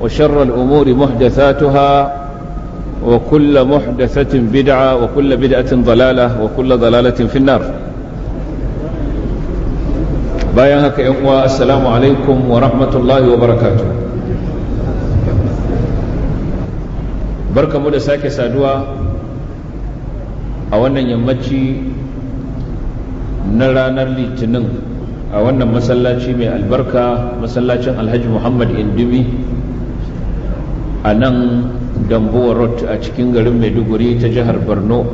وشر الأمور محدثاتها وكل محدثة بدعة وكل بدعة ضلالة وكل ضلالة في النار bayan haka yan uwa assalamu alaikum wa rahmatullahi wa barakatu barkamu da sake saduwa a wannan yammaci na ranar litinin a wannan masallaci mai albarka masallacin alhaji muhammad indimi a nan dambuwa road a cikin garin maiduguri ta jihar borno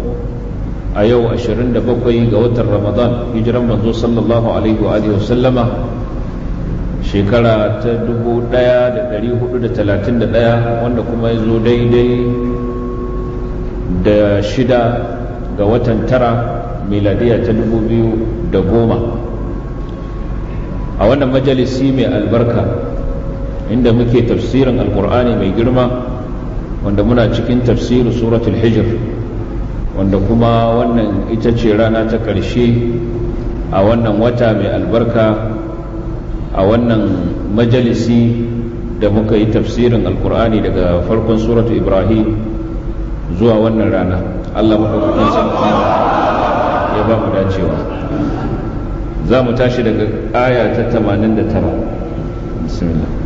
a yau 27 ga watan ramadan hijiran manzo sallallahu alaihi wa alihi wasallama shekara ta 1431 wanda kuma ya zo daidai da shida ga watan tara miladiya ta 2010 a wannan majalisi mai albarka inda muke tafsirin alkur'ani mai girma wanda muna cikin tafsirin suratul hijr wanda kuma wannan ita ce rana ta ƙarshe a wannan wata mai albarka a wannan majalisi da muka yi tafsirin alkur'ani daga farkon suratu ibrahim zuwa wannan rana allah maɗaukakin sarki ya ba mu dacewa za mu tashi daga aya ta 89 bismillah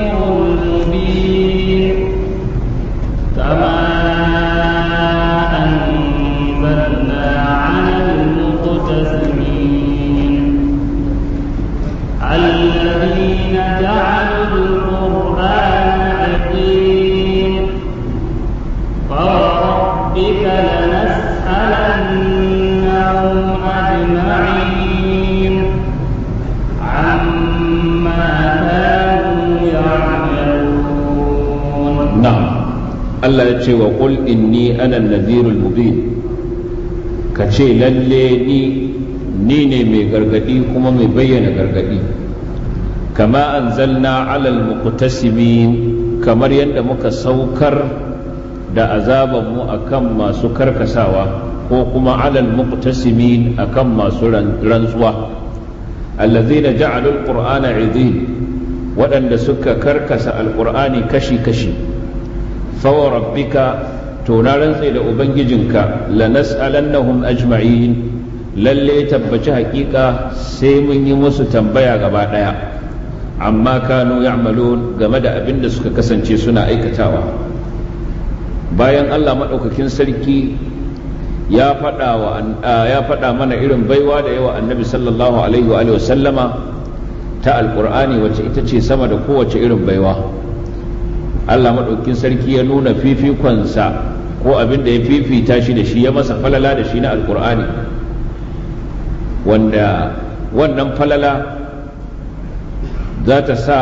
ce wa qul inni ana nadhirul mubin ka ce lalle ni ni ne mai gargadi kuma mai bayyana gargadi kama zanna alal muqtasimin kamar yadda muka saukar da azaban mu akan masu karkasawa ko kuma alal muqtasimin akan masu rantsuwa allazina ja'alul qur'ana idin waɗanda suka karkasa alqur'ani kashi kashi fawa rabbika to na rantse da ubangijinka la nas'alannahum ajma'in lalle tabbaci haƙiƙa sai mun yi musu tambaya gaba ɗaya amma kanu ya'malun game da abin da suka kasance suna aikatawa bayan Allah madaukakin sarki ya faɗa mana irin baiwa da yawa annabi sallallahu alaihi wa sallama ta alƙur'ani wacce ita ce sama da kowace irin baiwa Allah maɗaukin sarki ya nuna fifikonsa ko abin da ya fifita shi da shi ya masa falala da shi na alkur'ani wanda wannan falala za ta sa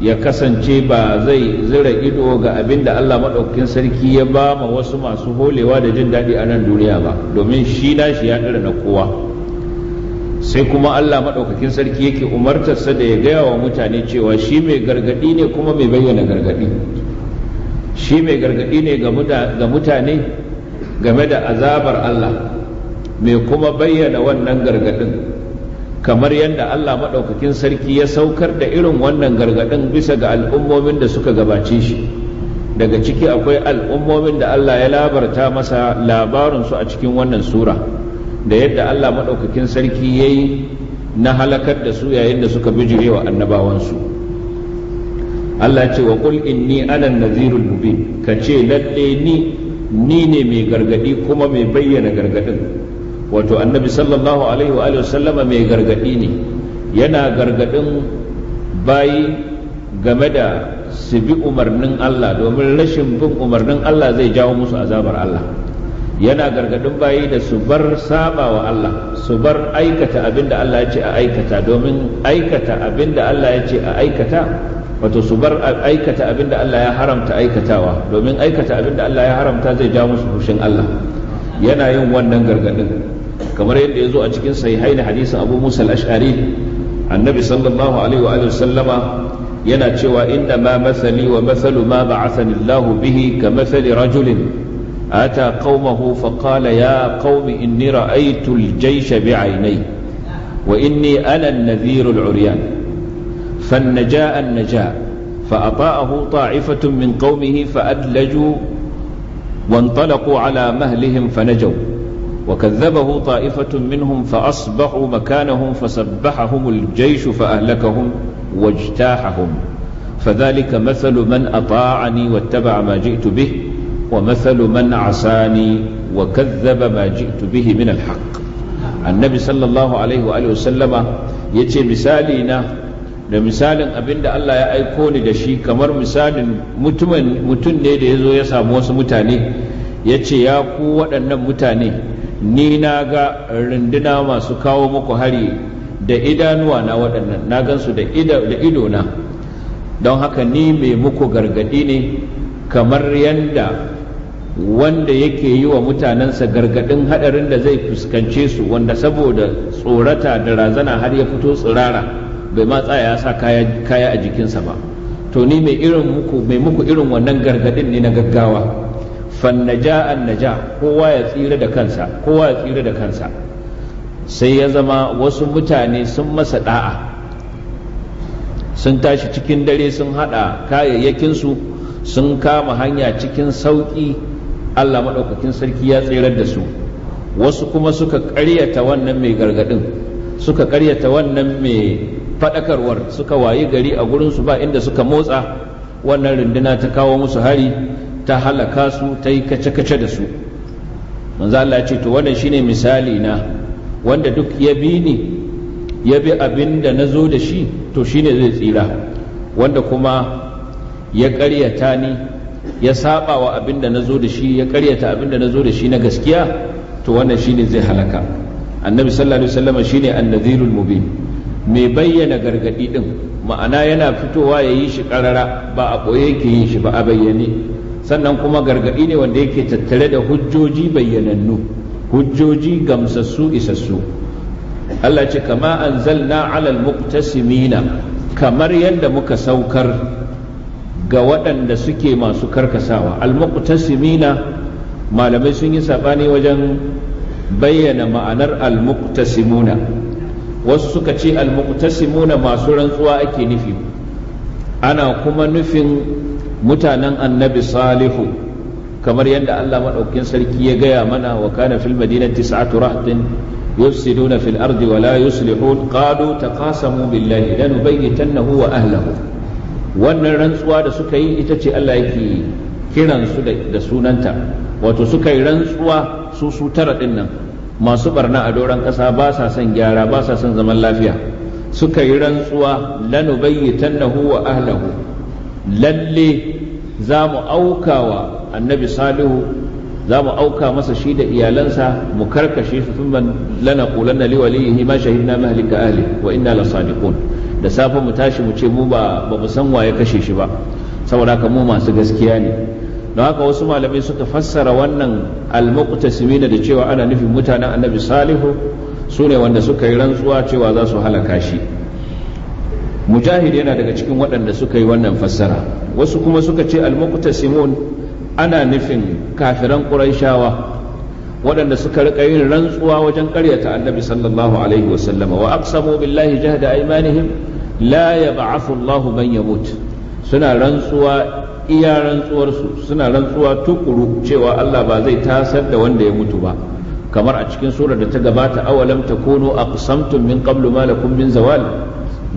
ya kasance ba zai zira ido ga abin da Allah maɗaukin sarki ya ba ma wasu masu holewa da jin daɗi a nan duniya ba domin shi nashi ya ɗara na kowa sai kuma Allah maɗaukakin sarki yake umartarsa da ya gaya wa mutane cewa shi mai gargaɗi ne kuma mai bayyana gargaɗi shi mai gargaɗi ne ga mutane game da azabar Allah mai kuma bayyana wannan gargaɗin kamar yadda Allah maɗaukakin sarki ya saukar da irin wannan gargaɗin bisa ga al'ummomin da suka gabace shi daga ciki akwai al'ummomin da Allah ya labarta masa labarinsu a cikin wannan sura. da yadda Allah maɗaukakin sarki ya yi na halakar da su yayin da suka bijire wa annabawansu Allah ce wa qul inni ana nazirul mubin ka ce lalle ni ni ne mai gargadi kuma mai bayyana gargadin wato annabi sallallahu alaihi wa sallama mai gargadi ne yana gargadin bayi game da su bi umarnin Allah domin rashin bin umarnin Allah zai jawo musu azabar Allah yana gargadin bayi da su bar saba wa Allah su bar aikata abin da Allah ya ce a aikata domin aikata abin da Allah ya ce a aikata wato su bar aikata abin da Allah ya haramta aikatawa domin aikata abin da Allah ya haramta zai ja musu fushin Allah yana yin wannan gargadin kamar yadda ya zo a cikin sahihaini hadisin Abu Musa al-Ash'ari annabi sallallahu alaihi wa sallama yana cewa inna ma masali wa masalu ma ba'athani Allah bihi ka masali rajulin أتى قومه فقال يا قوم إني رأيت الجيش بعيني وإني أنا النذير العريان فالنجاء النجاء فأطاءه طائفة من قومه فأدلجوا وانطلقوا على مهلهم فنجوا وكذبه طائفة منهم فأصبحوا مكانهم فسبحهم الجيش فأهلكهم واجتاحهم فذلك مثل من أطاعني واتبع ما جئت به ومثل من عصاني وكذب ما جئت به من الحق النبي صلى الله عليه وآله وسلم يتي مثالينا da misalin abin da Allah ya aiko ni da shi kamar misalin mutum ne da ya zo ya samu wasu mutane ya ce ya ku waɗannan mutane ni na ga runduna masu kawo muku hari da idanuwa na waɗannan na gansu da idona don haka ni mai muku gargaɗi ne kamar yadda wanda yake yi wa mutanensa gargadin hadarin da zai fuskance su wanda saboda tsorata da razana har ya fito tsirara bai ma tsaya ya sa kaya a jikinsa ba to ni mai irin muku mai muku irin wannan gargadin ne na gaggawa fannaja annaja kowa ya tsira da kansa kowa ya tsira da kansa sai ya zama wasu mutane sun masa ɗa'a sun tashi cikin dare sun hada kayayyakinsu sun kama hanya cikin sauƙi. Allah maɗaukakin sarki ya tserar da su wasu kuma suka ƙaryata wannan mai gargaɗin suka ƙaryata wannan mai faɗakarwar suka wayi gari a gurinsu ba inda suka motsa wannan runduna ta kawo musu hari ta halaka su ta yi kace-kace da su manzo Allah ce to wannan shine misali na wanda duk ya bi ni ya bi abin da na zo da shi to shine zai tsira wanda kuma ya ƙaryata ni ya saba wa abin da zo da shi ya karyata abin da nazo da shi na gaskiya to wannan shine zai halaka annabi sallallahu alaihi wasallam shine annadhirul mubin mai bayyana gargadi din ma'ana yana fitowa ya yi shi karara ba a ɓoye yake yin shi ba a bayyane sannan kuma gargadi ne wanda yake tattare da hujjoji bayyanannu hujjoji gamsassu isassu Allah ce kama anzalna alal muqtasimina kamar yadda muka saukar ga waɗanda suke masu karkasawa almuqtasimina malamai sun yi saɓani wajen bayyana ma'anar almuqtasimuna wasu suka ce almuqtasimuna masu rantsuwa ake nufi ana kuma nufin mutanen annabi salihu kamar yadda Allah maɗaukin sarki ya gaya mana wa kana fil madinati sa'atu rahtin yufsiduna fil ardi wa la yuslihun qalu taqasamu billahi lanubayyitannahu wa ahlihi wannan rantsuwa da suka yi ita ce Allah yake kiran su da sunanta wato suka yi rantsuwa su su tara din nan masu barna a doron ƙasa ba sa son gyara ba sa son zaman lafiya suka yi rantsuwa lanubayyitannahu wa ahlahu lalle za mu aukawa annabi salihu za mu auka masa shi da iyalansa mu karkashe su sun lana qulanna liwalihi ma shahidna mahlika ahli wa inna Sadiqun. da safe mu tashi mu ce mu ba ba mu san waye kashe shi ba saboda haka mu masu gaskiya ne don haka wasu malamai suka fassara wannan almuqtasimina da cewa ana nufin mutanen annabi salihu su ne wanda suka yi rantsuwa cewa za su halaka shi mujahid yana daga cikin waɗanda suka yi wannan fassara wasu kuma suka ce almuqtasimun ana nufin kafiran ƙurayshawa waɗanda suka rika yin rantsuwa wajen ƙaryata annabi sallallahu alaihi sallama wa aqsamu billahi jahda aymanihim la yab'athu Allah man yamut suna rantsuwa iya rantsuwar su suna rantsuwa tukuru cewa Allah ba zai tasar da wanda ya mutu ba kamar a cikin surar da ta gabata awalam takunu aqsamtum min qablu ma lakum min zawal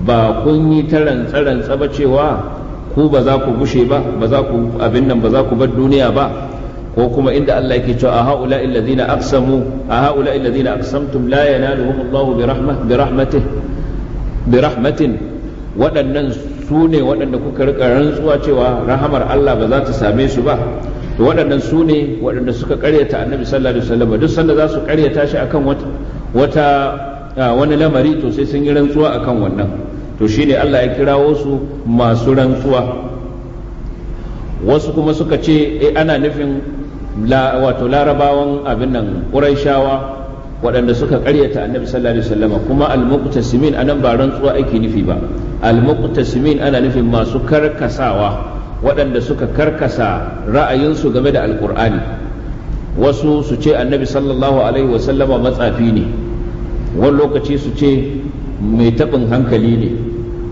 ba kun yi ta rantsa-rantsa ba cewa ku ba za ku gushe ba ba za ku abin nan ba za ku bar duniya ba ko kuma inda Allah yake cewa a haula illazina aqsamu a haula illazina aqsamtum la yanaluhum Allah bi rahmah rahmatin waɗannan su ne waɗanda kuka rika rantsuwa cewa rahamar Allah ba za ta same su ba to waɗannan su ne waɗanda suka karyata annabi sallallahu alaihi wasallam duk sanda za su karyata shi akan wata wata wani lamari to sai sun yi rantsuwa akan wannan to shine Allah ya kirawo su masu rantsuwa wasu kuma suka ce eh, ana nufin wato larabawan abin nan ƙuraishawa waɗanda suka ƙaryata annabi sallallahu alaihi wasallam kuma al-muqtasimin anan ba rantsuwa ake nufi ba al-muqtasimin ana nufin masu karkasawa waɗanda suka karkasa ra'ayinsu game da alƙur'ani wasu su ce annabi sallallahu alaihi wasallama matsafi ne wani lokaci su ce mai taɓin hankali ne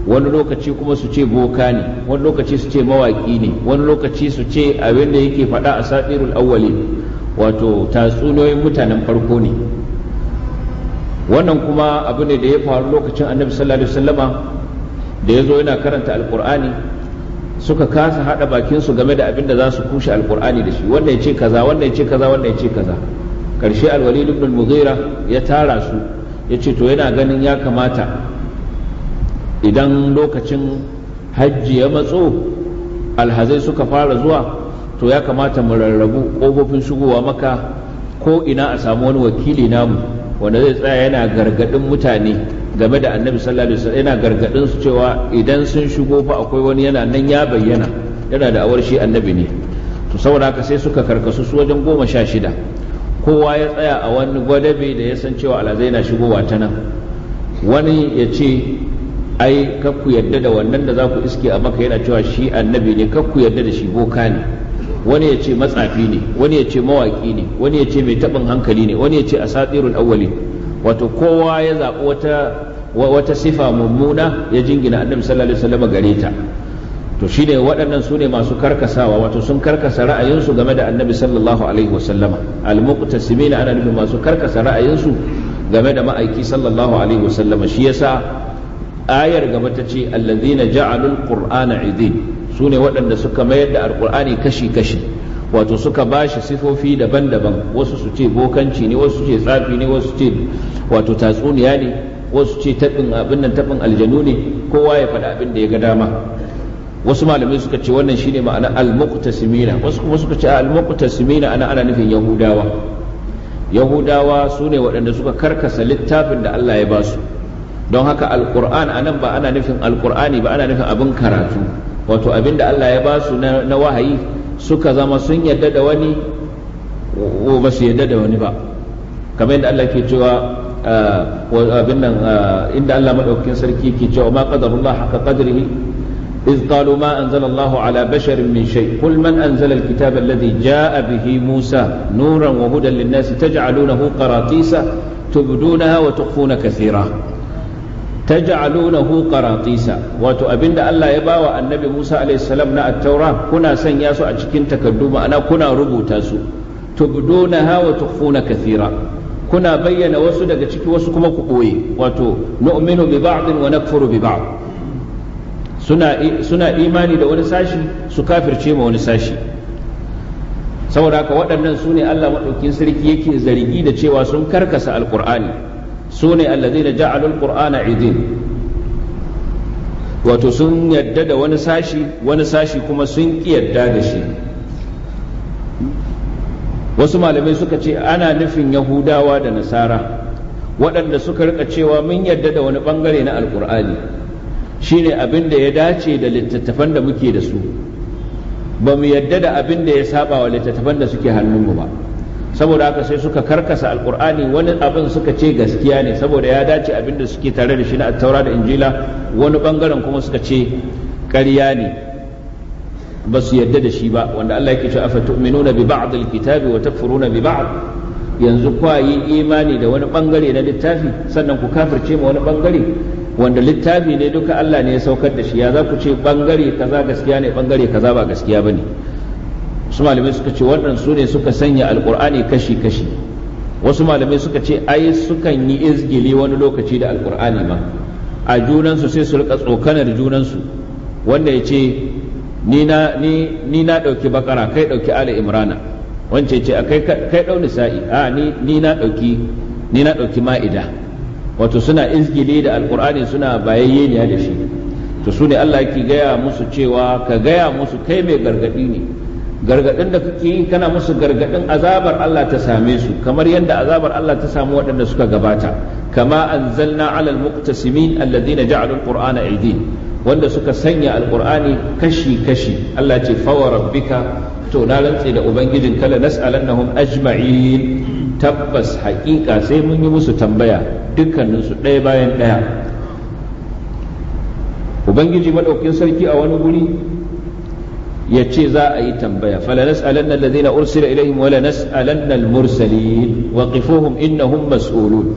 wani lokaci kuma su ce boka ne wani lokaci su ce mawaki ne wani lokaci su ce abin da yake faɗa a satirul awwali wato tatsuniyoyin mutanen farko ne wannan kuma abu ne da ya faru lokacin annabi sallallahu alaihi wasallama da ya zo yana karanta alkur'ani suka kasa haɗa bakinsu game da abin da za su kushe alkur'ani da shi wannan ya ce kaza wannan ya ce kaza wannan ya ce kaza karshe alwalid ibn mughira ya tara su ya ce to yana ganin ya kamata idan lokacin hajji ya matso alhazai suka fara zuwa to ya kamata mu rarrabu ƙofofin shigowa maka ko ina a samu wani wakili namu wanda zai tsaya yana gargadin mutane game da annabi sallallahu alaihi wasallam yana gargadin su cewa idan sun shigo fa akwai wani yana nan ya bayyana yana da awarshi annabi ne to saboda haka sai suka karkasu su wajen goma sha shida kowa ya tsaya a wani gwadabe da ya san cewa alhazai na shigowa ta nan wani ya ce ai kar ku yadda da wannan da za ku iske a maka yana cewa shi annabi ne kar ku yadda da shi boka ne wani ya ce matsafi ne wani ya ce mawaki ne wani ya ce mai taɓin hankali ne wani ya ce asatirul awwali wato kowa ya zaɓi wata sifa mummuna ya jingina annabi sallallahu alaihi wasallam gare ta to shine waɗannan su ne masu karkasawa wato sun karkasa ra'ayinsu game da annabi sallallahu alaihi wasallama almuqtasimina ana nufin masu karkasa ra'ayinsu game da ma'aiki sallallahu alaihi wasallama shi yasa ayar gaba ta ce allazina ja'alul qur'ana idin su ne waɗanda suka mayar da alqur'ani kashi kashi wato suka bashi sifofi daban-daban wasu su ce bokanci ne wasu su ce tsafi ne wasu su ce wato tatsuniya ne wasu ce tabin abin nan tabin aljanu ne kowa ya faɗa abin da ya ga dama wasu malamai suka ce wannan shine ma'ana al-muqtasimina wasu kuma suka ce al-muqtasimina ana ana nufin yahudawa yahudawa su ne waɗanda suka karkasa littafin da Allah ya ba su don haka alkur'an anan ba ana nufin alkur'ani ba ana nufin abin karatu wato abin da Allah ya ba su na wahayi suka zama sun yadda da wani ba su yadda da wani ba kamar yadda Allah ke cewa abin nan inda Allah madaukakin sarki ke cewa ma qadarullah haka qadrihi إذ قالوا ما أنزل الله على بشر من شيء قل من أنزل الكتاب الذي جاء به موسى نورا وهدى للناس تجعلونه قراطيسا تبدونها وتخفون كثيرا ta taj'alunahu qaratisa wato abinda Allah ya bawa annabi Musa alaihi na at kuna sanya su a cikin takardu ma'ana kuna rubuta su tubdunaha wa tukhfuna kathira kuna bayyana wasu daga ciki wasu kuma ku koye wato nu'minu bi ba'd wa nakfuru bi ba'd suna suna imani da wani sashi su kafirce ma wani sashi saboda haka waɗannan su ne Allah maɗaukin sarki yake zargi da cewa sun karkasa alkur'ani. sune allazina ja'alul qur'ana idin wato sun yadda da wani sashi wani sashi kuma sun ki yadda da shi wasu malamai suka ce ana nufin yahudawa da nasara waɗanda suka rika cewa mun yadda da wani ɓangare na alkur'ani shine abin da ya dace da littattafan da muke da su ba mu yadda da abin da ya saba wa littattafan da suke hannunmu ba saboda haka sai suka karkasa alkur'ani wani abin suka ce gaskiya ne saboda ya dace abin da suke tare da shi na taura da injila wani bangaren kuma suka ce ƙarya ne ba su yarda da shi ba wanda Allah yake cewa afa tu'minuna bi ba'd alkitabi wa takfuruna bi ba'd yanzu kwa yi imani da wani bangare na littafi sannan ku kafirce ma wani bangare wanda littafi ne duka Allah ne ya saukar da shi ya za ku ce bangare kaza gaskiya ne bangare kaza ba gaskiya bane wasu malamai suka ce wannan su ne suka sanya alkur'ani kashi-kashi wasu malamai suka ce ai sukan yi izgili wani lokaci da alkur'ani ma a junansu sai su rika tsokanar junansu wanda ya ce ni na ɗauki bakara kai ɗauki ala imrana wance ce kai ɗau nisa'i a ni na ɗauki ma'ida wato suna izgili da alkur'ani suna ne da shi to su ne allah yake gaya musu cewa ka gaya musu kai mai gargaɗi ne gargadin da kake yi kana musu gargadin azabar Allah ta same su kamar yadda azabar Allah ta samu waɗanda suka gabata kama anzalna ala almuqtasimin alladhina ja'alu alqur'ana aidin wanda suka sanya alqur'ani kashi kashi Allah ce fa rabbika to na rantse da ubangijin kala nas'alannahum ajma'in tabbas haƙiƙa sai mun yi musu tambaya dukkaninsu ɗaya bayan ɗaya ubangiji maɗaukin sarki a wani guri ya ce za a yi tambaya fala nas'alanna alladhina ursila ilaihim wala nas'alanna al-mursalin waqifuhum innahum mas'ulun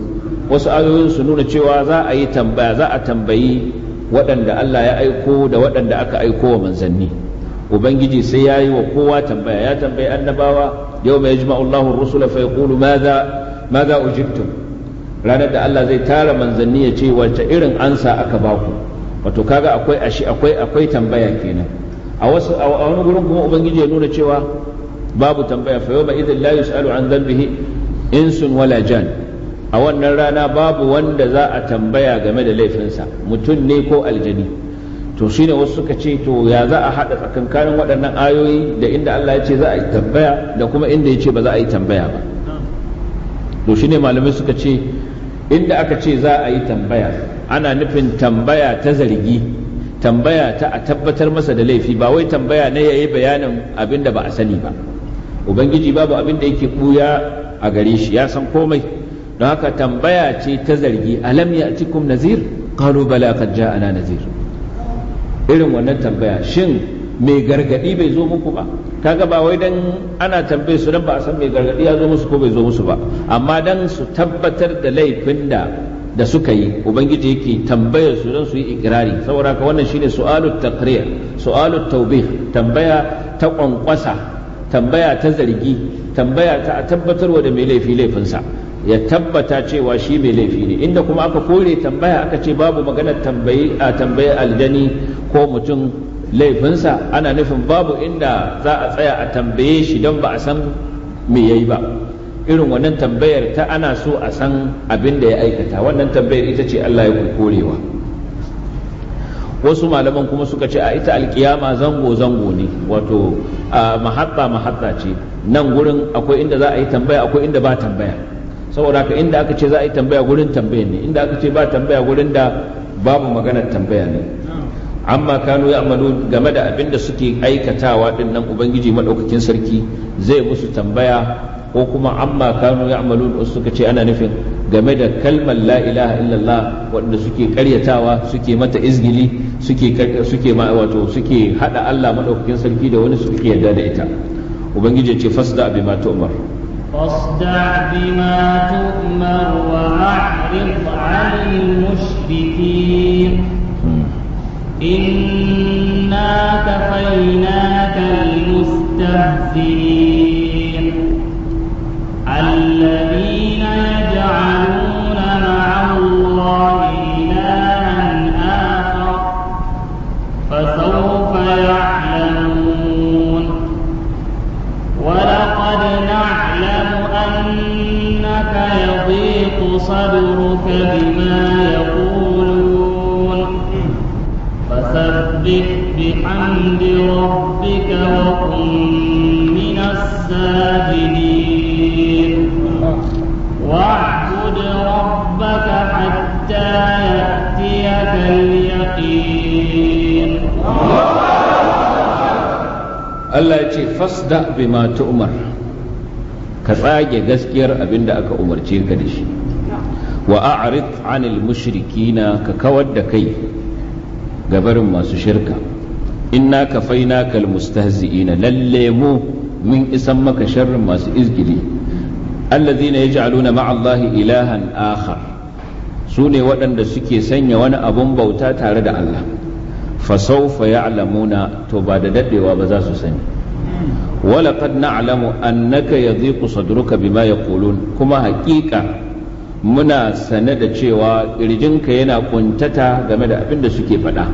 wasu ayoyin su nuna cewa za a yi tambaya za a tambayi waɗanda Allah ya aiko da waɗanda aka aiko wa manzanni ubangiji sai ya yi wa kowa tambaya ya tambayi annabawa yau mai yajma'u Allahu rusula fa yaqulu maza, maza ujibtum ranar da Allah zai tara manzanni ya ce wace irin ansa aka baku wato kaga akwai ashi akwai akwai tambaya kenan a wasu a wani gurin kuma ubangiji ya nuna cewa babu tambaya fa yawma idhil la yusalu an dhanbihi insun wala jan a wannan rana babu wanda za a tambaya game da laifinsa mutum ne ko aljani to shine wasu suka ce to ya za a hada tsakankanin waɗannan ayoyi da inda Allah ya ce za a yi tambaya da kuma inda ya ce ba za a yi tambaya ba to shine malamai suka ce inda aka ce za a yi tambaya ana nufin tambaya ta zargi tambaya ta a tabbatar masa da laifi ba wai tambaya na yayi bayanin abin da ba a sani ba ubangiji babu abin da yake buya a gare shi ya san komai don haka tambaya ce ta zargi alam ya'tikum nazir qalu bala qad ja'ana nazir irin wannan tambaya shin mai gargadi bai zo muku ba kaga ba wai dan ana tambaye su dan ba a san mai gargadi ya zo musu ko bai zo musu ba amma dan su tabbatar da laifin da da suka yi ubangiji yake tambayar su don su yi ikirari saboda ka wannan shine su'alut taqrir su'alut tawbih tambaya ta kwankwasa tambaya ta zargi tambaya ta tabbatarwa da mai laifi laifinsa ya tabbata cewa shi mai laifi ne inda kuma aka kore tambaya aka ce babu maganar tambayi a tambayi aljani ko mutum laifinsa ana nufin babu inda za a tsaya a tambaye shi don ba a san me ya yi ba irin wannan tambayar ta ana so a san abin da ya aikata wannan tambayar ita ce Allah ya korewa wasu malaman kuma suka ce a ita alkiyama zango zango ne wato mahatsa mahatsa ce nan gurin akwai inda za a yi tambaya akwai inda ba tambaya saboda ka inda aka ce za a yi tambaya gurin tambayar ne inda aka ce ba tambaya gurin da babu maganar tambaya ne amma kanu ya amalu game da abin da suke aikatawa dinnan ubangiji madaukakin sarki zai musu tambaya ko kuma amma kanu ya amalu suka ce ana nufin game da kalmar la ilaha illallah wanda suke karyatawa suke mata izgili suke suke wato suke hada Allah madaukakin sarki da wani suke yarda da ita ubangiji ce fasda bi ma tu'mar فاصدع بما تؤمر وأعرض عن المشركين إنا كفيناك المستهزئين الذين يجعلون مع الله إلها آخر فسوف يعلمون ولقد نعلم أنك يضيق صدرك بما بحمد ربك وكن من الساجدين واعبد ربك حتى يأتيك اليقين Allah ya ce fasda bima ka tsage gaskiyar abin da aka umarce ka da shi wa a'rid anil mushrikina ka kawar da kai gabarin masu shirka inna kafainaka mustahzi'ina lalle mu mun isan maka sharrin masu izgili allazina yaj'aluna ma'a allahi ilahan akhar su ne waɗanda suke sanya wani abun bauta tare da Allah fasaufa ya'lamuna to ba da dadewa ba za su sani ولقد نعلم أنك يضيق صدرك بما يقولون كما حقيقة muna sane da cewa ka yana ƙuntata game da abin da suke faɗa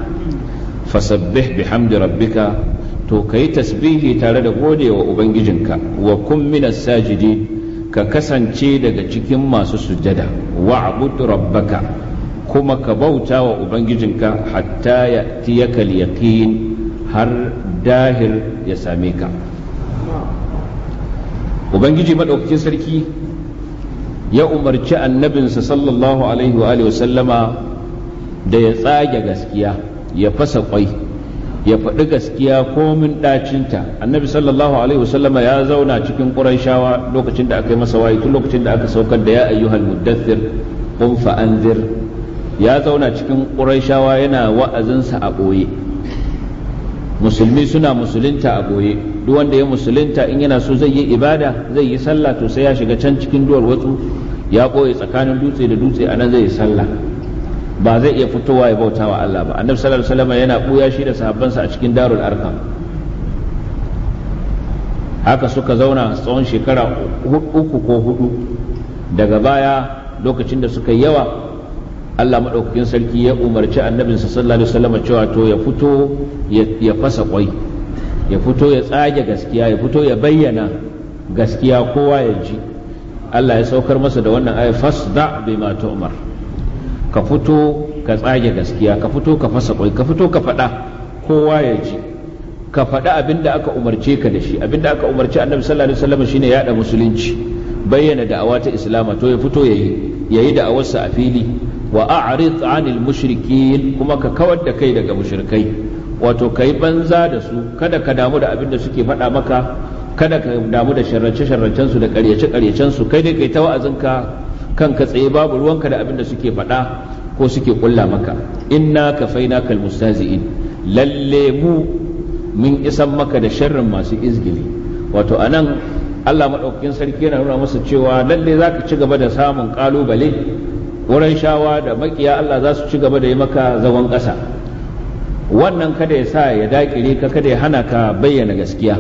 fasabbih bihamdi rabbika to kai tasbihi tare da godewa ubangijinka wa kun minas sajidi ka kasance daga cikin masu sujjada wa'bud rabbaka kuma ka bauta wa ubangijinka hatta ya tiyaka yaqin har dahir ya same ka ubangiji madaukakin sarki ya umarci annabinsa sallallahu alaihi wa sallama da ya tsage gaskiya ya fasa kwai ya faɗi gaskiya komin ɗacinta annabi sallallahu alaihi wasallama ya zauna cikin ƙurayshawa lokacin da aka yi masa wayi tun lokacin da aka saukar da ya ayyuhal muddathir qum fa anzir ya zauna cikin ƙurayshawa yana wa'azinsa a ɓoye musulmi suna musulunta a ɓoye duk wanda ya musulunta in yana so zai yi ibada zai yi sallah to sai ya shiga can cikin duwar watsu ya ɓoye tsakanin dutse da dutse a nan zai yi sallah ba zai iya fitowa ya bauta wa Allah ba annabi sallallahu alaihi wasallam yana buya shi da sahabbansa a cikin darul arqam haka suka zauna tsawon shekara uku ko hudu daga baya lokacin da suka yawa Allah maɗaukakin sarki ya umarci annabinsa sallallahu alaihi wasallam cewa to ya fito ya fasa kwai ya fito ya tsage gaskiya ya fito ya bayyana gaskiya kowa ya ji Allah ya saukar masa da wannan ayat fasda bima tu'mar ka fito ka tsage gaskiya ka fito ka fasa kwai ka fito ka faɗa kowa ya ji ka faɗa abin da aka umarce ka da shi abin da aka umarci annabi sallallahu alaihi wasallam shine yada musulunci bayyana da'awa ta islama to ya fito yayi yayi da'awarsa a fili wa a'rid 'anil mushrikin kuma ka kawar da kai daga mushrikai wato kai banza da su kada ka damu da abin da suke faɗa maka kada ka damu da sharrace sharrancen su da ƙaryace ƙaryacen su kai dai kai ta wa'azinka Kan ka tsaye babu ruwanka da abin da suke faɗa ko suke kulla maka inna faina kal mustazi'in lalle mu mun isan maka da sharrin masu izgili wato anan Allah maɗaukakin sarki yana nuna masa cewa lalle za ka ci gaba da samun ƙalubale wurin shawa da makiya Allah za su ci gaba da yi maka zagon ƙasa wannan kada ya sa ya daƙire ka kada ya hana ka bayyana gaskiya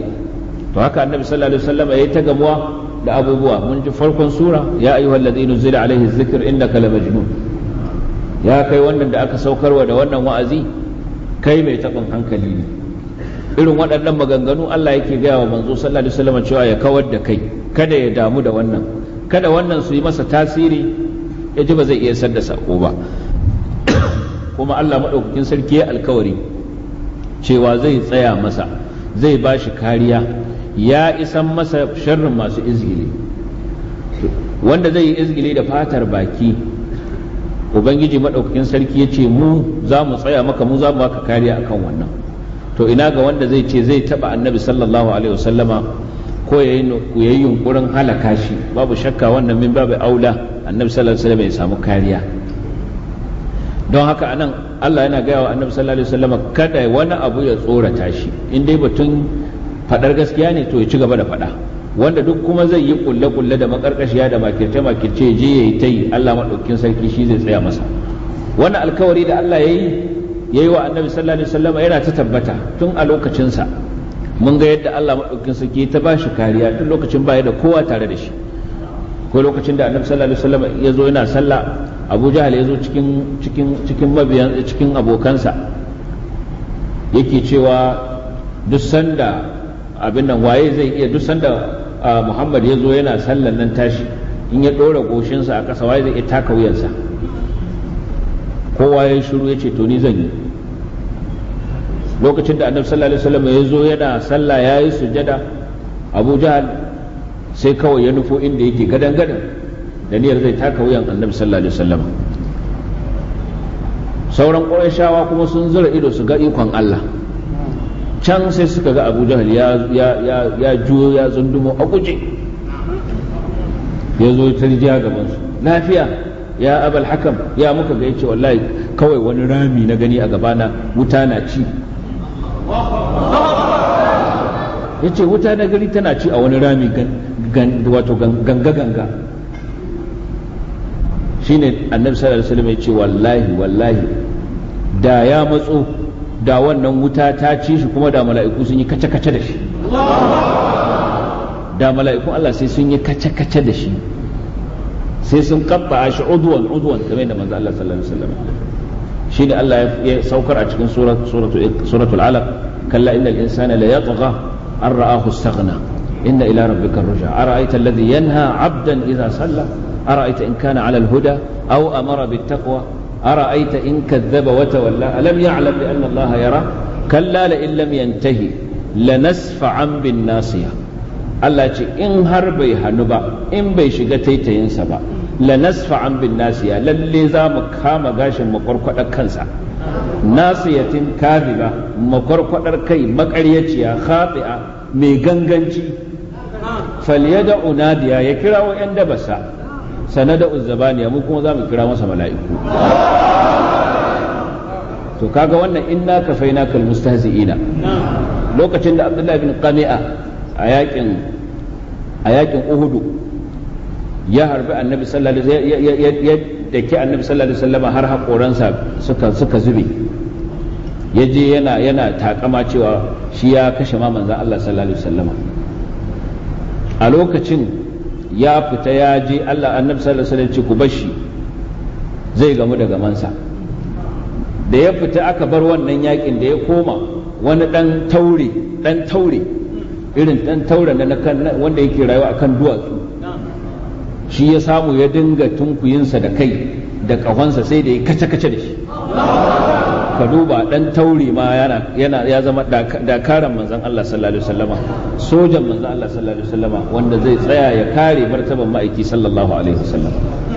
to haka annabi sallallahu alaihi wasallam ya yi ta gamuwa da abubuwa mun ji farkon sura ya ayyuhal ladina zikir alaihi zikr innaka lamajnun ya kai wannan da aka saukarwa da wannan wa'azi kai mai taɓin hankali ne irin waɗannan maganganu Allah yake gaya wa manzo sallallahu alaihi wasallam cewa ya kawar da kai kada ya damu da wannan kada wannan su yi masa tasiri ya ji ba zai iya sar da sako ba kuma Allah maɗaukakin sarki ya alkawari cewa zai tsaya masa zai ba shi kariya ya isan masa sharrin masu izgili wanda zai yi izgili da fatar baki ubangiji maɗaukakin sarki ya ce mu za mu tsaya maka mu za mu baka kariya akan wannan to ina ga wanda zai ce zai taba annabi sallallahu alaihi wasallama ko ya yi yunkurin halaka shi babu shakka wannan min babu aula annabi sallallahu alaihi wasallama ya samu kariya don haka anan Allah yana gaya wa annabi sallallahu alaihi wasallama kada wani abu ya tsorata shi in dai batun fadar gaskiya ne to ya ci gaba da fada wanda duk kuma zai yi kulle kulle da makarkashiya da makirce makirce je yayi ta yi Allah madaukin sarki shi zai tsaya masa wannan alkawari da Allah yayi yayi wa Annabi sallallahu alaihi wasallam yana ta tabbata tun a lokacin sa mun ga yadda Allah madaukin sarki ta ba shi kariya tun lokacin baya da kowa tare da shi ko lokacin da Annabi sallallahu alaihi wasallam ya zo yana sallah Abu Jahal ya zo cikin cikin cikin mabiyan cikin abokansa yake cewa duk sanda abin nan waye zai iya duk sanda muhammad ya zo yana sallan nan tashi in ya ɗora goshinsa a ƙasa waye zai iya taka wuyansa kowa ya shiru ya ce to ni zan yi lokacin da annabi sallallahu alaihi wasallam ya zo yana sallah ya yi sujada abu jahal sai kawai ya nufo inda yake gadan gadan da niyyar zai taka wuyan annabi sallallahu alaihi wasallam sauran shawa kuma sun zura ido su ga ikon Allah can sai suka ga abu jahal ya juyo ya zundumo a kuce ya zo ta rijiya gaban su lafiya ya abal hakam ya muka ga yace wallahi kawai wani rami na gani a gabana wuta na ci ya ce wuta na gari tana ci a wani rami wato ganga ganga shine annabi sallallahu alaihi wasallam ce wallahi wallahi da ya matso da wannan wuta ta ci shi kuma da mala'iku sun yi kace-kace da shi da mala'ikun Allah sai sun yi kace-kace da shi sai sun kabba shi udwan udwan kamar yadda manzo Allah sallallahu alaihi wasallam shine Allah ya saukar a cikin suratul alaq kalla innal insana la yatgha an ra'ahu istaghna inna ila rabbika ar-ruja ara'aita alladhi yanha 'abdan idha salla ara'aita in kana 'ala al-huda aw amara bit-taqwa ara'aita in kadzaba wa tawalla alam ya'lam bi anna Allah yara kalla la in lam yantahi lanasfa'an bin nasiya Allah ce in har bai hannu ba in bai shiga taitayinsa ba lanasfa'an bin nasiya lalle za mu kama gashin makwarkwadar kansa nasiyatin kadhiba makwarkwadar kai makaryaciya khati'a mai ganganci da nadiya ya kirawo yan dabasa sanada uzzabaniya mu kuma za mu kira masa mala'iku to kaga wannan inna kafaina kal mustahzi'ina lokacin da abdullahi bin qami'a a yakin a yakin uhudu ya harbi annabi sallallahu alaihi ya daki annabi sallallahu alaihi wasallam har hakoransa suka suka zube ya je yana yana takama cewa shi ya kashe ma manzon Allah sallallahu alaihi wasallam a lokacin ya fita ya je Allah annabi sallallahu alaihi wasallam ce ku bashi zai gamu da gamansa da ya fita aka bar wannan yakin da ya koma wani dan taure dan taure irin dan taure na wanda yake rayuwa akan duwatsu shi ya samu ya dinga tunkuyinsa da kai da ƙahonsa sai da ya kace-kace da shi ka duba dan tauri ma yana yana ya zama dakaran manzon Allah sallallahu alaihi wasallama sojan manzon Allah sallallahu alaihi wasallama wanda zai tsaya ya kare martaban ma'aiki sallallahu alaihi wasallam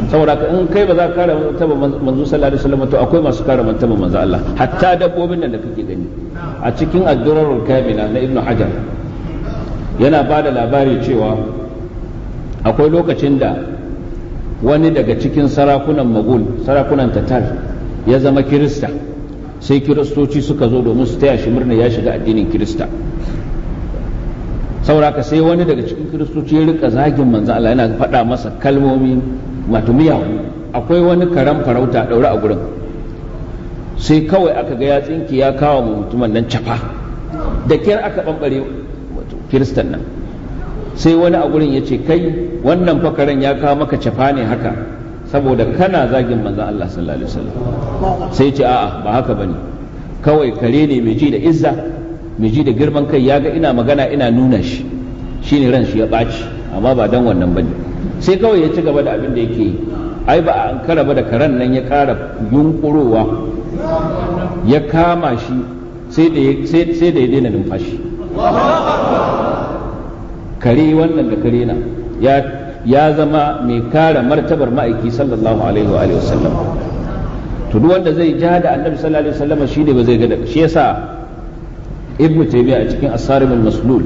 saboda ka in kai ba za ka kare martaban manzon sallallahu alaihi wasallama to akwai masu kare martaban manzon Allah hatta dabbobin nan da kake gani a cikin ad-durarul kamila na ibnu hajar yana ba da labari cewa akwai lokacin da wani daga cikin sarakunan magul sarakunan tatar ya zama kirista sai kiristoci suka zo domin su taya shi murna ya shiga addinin kirista sauraka sai wani daga cikin kiristoci ya rika zagin manzo Allah yana faɗa masa kalmomi wato miyawu akwai wani karam farauta daure a gurin sai kawai aka ga ya tsinki ya kawo mutumin nan cafa da kyar aka bambare kiristan nan sai wani a gurin ya ce kai wannan fakaran ya kawo maka cafa ne haka saboda kana zagin manzan Allah sallallahu alaihi wasallam sai ce a'a ba haka bane kawai kare ne mai ji da izza mai ji da girman kai ya ga ina magana ina nuna shi shine ran shi ya baci amma ba dan wannan bane sai kawai ya ci gaba da abin da yake yi ai ba an kara ba da karen nan ya kara yunkurowa ya kama shi sai da ya daina numfashi kare wannan da kare na ya ya zama mai kare martabar ma'aiki sallallahu alaihi wa sallam to duk wanda zai ja da annabi sallallahu alaihi sallam shi ne ba zai ga shi yasa ibnu taymiya a cikin asarimul maslul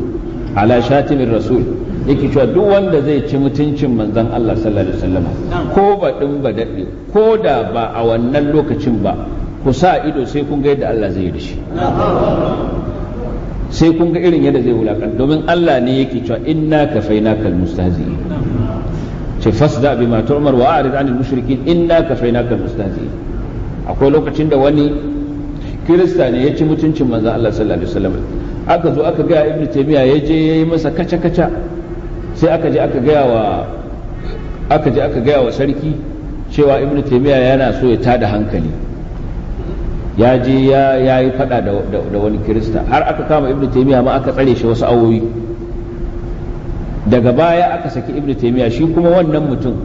ala shatimin rasul yake cewa duk wanda zai ci mutuncin manzon Allah sallallahu alaihi wa sallam ko ba din ba dade ko da ba a wannan lokacin ba ku sa ido sai kun ga yadda Allah zai yi da shi sai kun ga irin yadda zai wulakar domin Allah ne yake cewa inna kal mustahzi ce fasda bima tu'mar wa a'rid 'anil mushrikin inna kafaynaka mustahzi'in akwai lokacin da wani kirista ne ya ci mutuncin manzon Allah sallallahu alaihi wasallam aka zo aka ga ibnu taymiya ya je yayi masa kaca kaca sai aka je aka ga wa aka je aka ga wa sarki cewa ibnu taymiya yana so ya tada hankali ya je ya yi fada da wani kirista har aka kama ibnu taymiya ma aka tsare shi wasu awoyi daga baya aka saki ibn taymiya shi kuma wannan mutum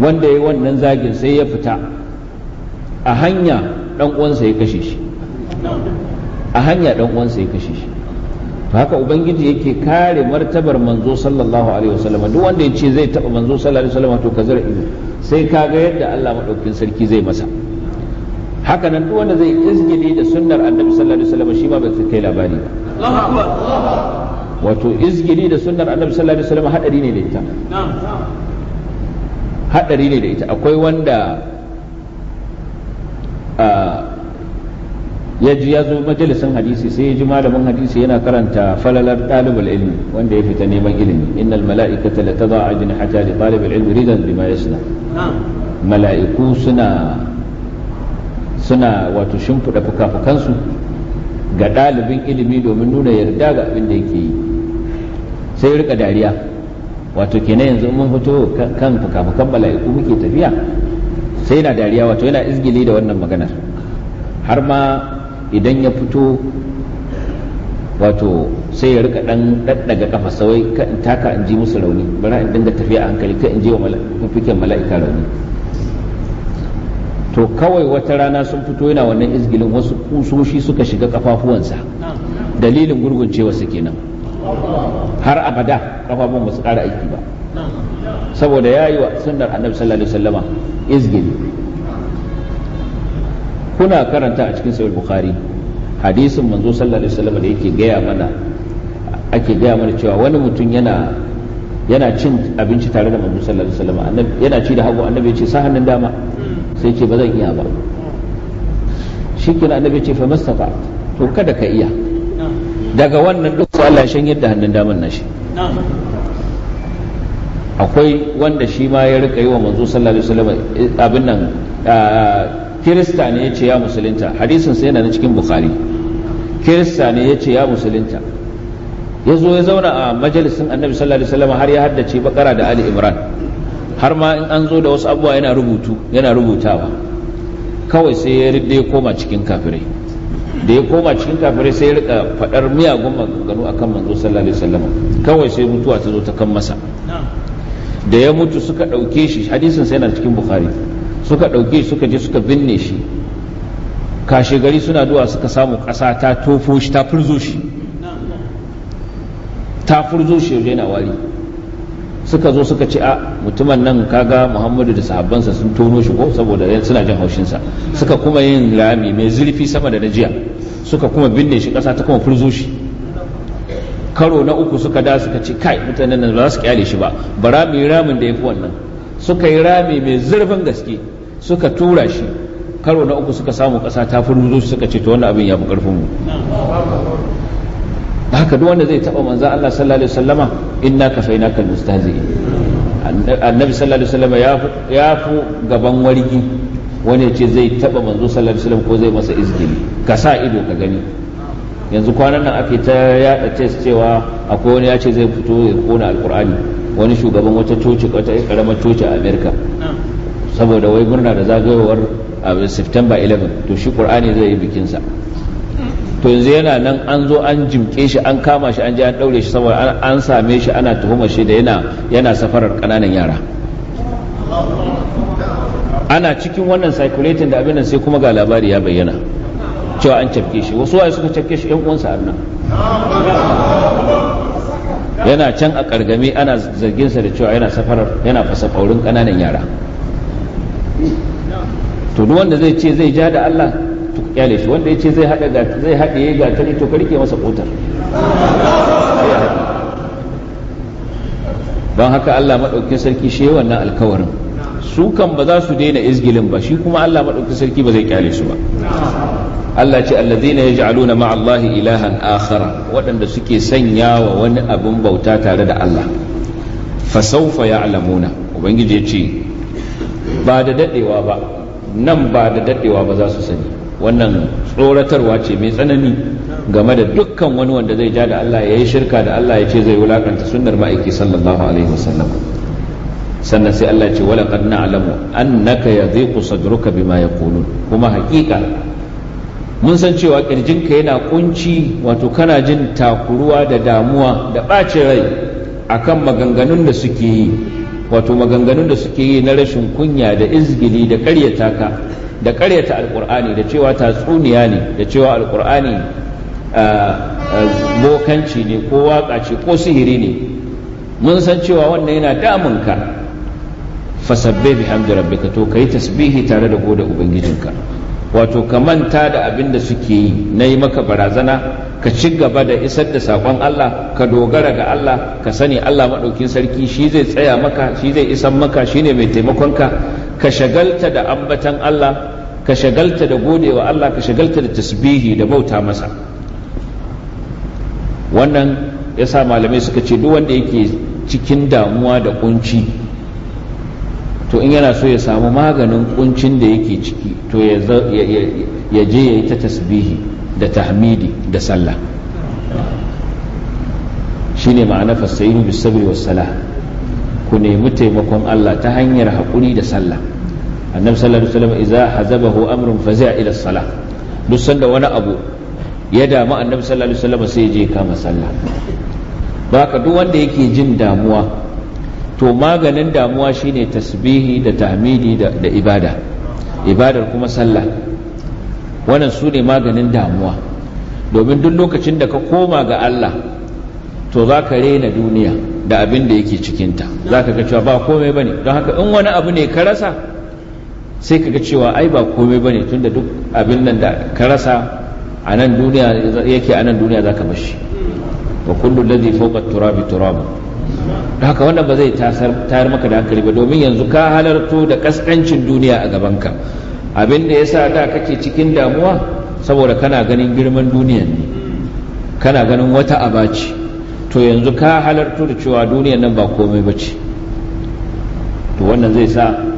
wanda ya wannan zagin sai ya fita a hanya dan uwansa ya kashe shi a hanya dan uwansa ya kashe shi haka ubangiji yake kare martabar manzo sallallahu alaihi wasallam duk wanda ya ce zai taba manzo sallallahu alaihi wasallam to ka zara ido sai kaga yadda Allah madaukakin sarki zai masa haka nan duk wanda zai izgili da sunnar annabi sallallahu alaihi wasallam shi ma bai kai labari ba wato izgili da sunnar annabi sallallahu alaihi wasallam hadari ne da ita hadari ne da ita akwai wanda ya ji ya zo majalisin hadisi sai ya ji malamin hadisi yana karanta falalar talibul ilmi wanda ya fita neman ilimi innal mala'ikata la tadha ajnihata li talibul ilmi ridan bima yasna mala'iku suna suna wato shimfiɗa fuka-fukansu ga ɗalibin ilimi domin nuna yarda ga abin da yake yi sai rika dariya wato kenan yanzu mun fito kan fuka-fukan mala'iku muke tafiya sai yana dariya wato yana izgili da wannan maganar har ma idan ya fito wato sai ya rika dan daddaga kafa sawai ka in taka in ji musu rauni bara in dinga tafiya a hankali ka in je wa mafikin mala'ika rauni to kawai wata rana sun fito yana wannan izgilin wasu kusoshi suka shiga kafafuwansa dalilin gurguncewa su kenan har abada kafafun ba su kara aiki ba saboda ya yi wa sunnar annabi sallallahu alaihi wasallama izgil kuna karanta a cikin sahih bukhari hadisin manzo sallallahu alaihi wasallama da yake gaya mana ake gaya mana cewa wani mutum yana yana cin abinci tare da manzo sallallahu alaihi wasallama annabi yana ci da hagu annabi ya ce sa hannun dama sai ce ba zan iya ba shi annabi ya ce fa mastata to kada ka iya daga wannan duk Allah shan yadda hannun na nashi akwai wanda shi ma ya rika yi wa manzo sallallahu alaihi wasallam eh, abin nan ah, kirista ne ya ce ya musulunta hadisin sai yana na cikin bukhari kirista ne ya ce ya musulunta ya zo ya zauna a majalisin annabi sallallahu alaihi wasallam har ya haddace bakara da ali imran har ma in an zo da wasu abubuwa yana rubutu yana rubutawa kawai sai ya rinde koma cikin kafirai da ya koma cikin kafirai sai ya rika fadar miyagun maganganu akan manzo sallallahu alaihi wasallam kawai sai mutuwa ta zo ta kan masa da ya mutu suka dauke shi hadisin sai yana cikin bukhari suka dauke shi suka je suka binne shi kashe gari suna duwa suka samu kasa ta tofo shi ta furzo shi ta furzo shi yana wari suka zo suka ce a mutumin nan kaga muhammadu da sahabbansa sun tono shi ko saboda suna jin haushinsa suka kuma yin rami mai zurfi sama da na jiya suka kuma binne shi ƙasa ta kuma furzo shi karo na uku suka da suka ce kai mutanen nan ba za su kyale shi ba bara mu yi ramin da ya fi wannan suka yi rami mai zurfin gaske suka tura shi karo na uku suka samu ƙasa ta furzo shi suka ce to wannan abin ya fi karfin mu haka duk wanda zai taba manzo Allah sallallahu alaihi wasallama inna kafainaka almustahzi'in annabi sallallahu alaihi wasallama ya ya fu gaban wargi wani ce zai taba manzo sallallahu alaihi wasallam ko zai masa izgili ka sa ido ka gani yanzu kwanan nan ake ta yada test cewa akwai wani ya ce zai fito ya kona alkur'ani wani shugaban wata coci wata karamar coci a america saboda wai murna da zagayowar a september 11 to shi qur'ani zai yi bikinsa to yanzu yana nan an zo an jimke shi an kama shi an ji an daure shi saboda an same shi ana tuhumar shi da yana yana safarar kananan yara ana cikin wannan circulating da abin nan sai kuma ga labari ya bayyana cewa an cafke shi wasu waye suka cafke shi yan uwansa annan yana can a kargame ana zargin sa da cewa yana safarar yana fasa kaurin kananan yara to duk wanda zai ce zai ja da Allah to kyale shi wanda yace zai hada zai hade gatari to karke masa kotar don haka Allah madaukakin sarki shi wannan alkawarin su kan ba za su daina izgilin ba shi kuma Allah madaukakin sarki ba zai kyale su ba Allah ce allazina yaj'aluna ma'a Allah ilahan akhara waɗanda suke sanya wa wani abin bauta tare da Allah fasaufa ya'lamuna ubangiji ya ce ba da ba nan ba da daɗewa ba za su sani wannan tsoratarwa ce mai tsanani game da dukkan wani wanda zai ja da Allah ya yi shirka da Allah ya ce zai wulakanta sunnar ma'aiki sallallahu alaihi wasallam sannan sai Allah ce wala qad na'lamu annaka yadhiqu sadruka bima yaqulun kuma haƙiƙa mun san cewa kirjinka yana ƙunci wato kana jin takuruwa da damuwa da ɓace rai akan maganganun da suke yi wato maganganun da suke yi na rashin kunya da izgili da ƙaryata ka da ƙaryata alkur'ani da cewa tatsuniya ne da cewa alkur'ani bokanci ne ko waƙa ce ko sihiri ne mun san cewa wannan yana damun ka fasabbe bi ka rabbika to kai tasbihi tare da goda ubangijinka wato ka manta da abin da suke yi na yi maka barazana ka ci gaba da isar da sakon Allah ka dogara ga Allah ka sani Allah maɗaukin sarki shi zai tsaya maka shi zai isan maka shi ne mai taimakonka ka shagalta da ambatan Allah ka shagalta da godewa Allah ka shagalta da tasbihi da bauta masa wannan ya sa malamai suka ce duk wanda yake cikin damuwa da kunci to in yana so ya samu maganin kuncin da yake ciki to ya je ya yi ta tasbihi da tahmidi da sallah shine ma'ana fasainu bisabi was sala ku nemi taimakon Allah ta hanyar haƙuri da sallah annabi sallallahu alaihi wasallam idza hazabahu amrun fazi'a ila salah duk sanda wani abu ya damu annabi sallallahu alaihi wasallam sai je kama sallah baka duk wanda yake jin damuwa to maganin damuwa shine tasbihi da tahmidi da, ibada ibadar kuma sallah wannan su ne maganin damuwa domin duk lokacin da ka koma ga Allah to za ka rena duniya da abin da yake cikinta za ka ga cewa ba komai ba ne don haka in wani abu ne ka rasa sai kaga cewa ai ba komai bane tunda duk abin nan da ka rasa a nan duniya yake a nan duniya zaka bar shi wa kullu ladhi fawqa turabi turab haka wannan ba zai tayar maka da hankali ba domin yanzu ka halarto da kaskancin duniya a gabanka abin da yasa da kake cikin damuwa saboda kana ganin girman duniyan ne kana ganin wata abaci to yanzu ka halarto da cewa duniyar nan ba komai bace to wannan zai sa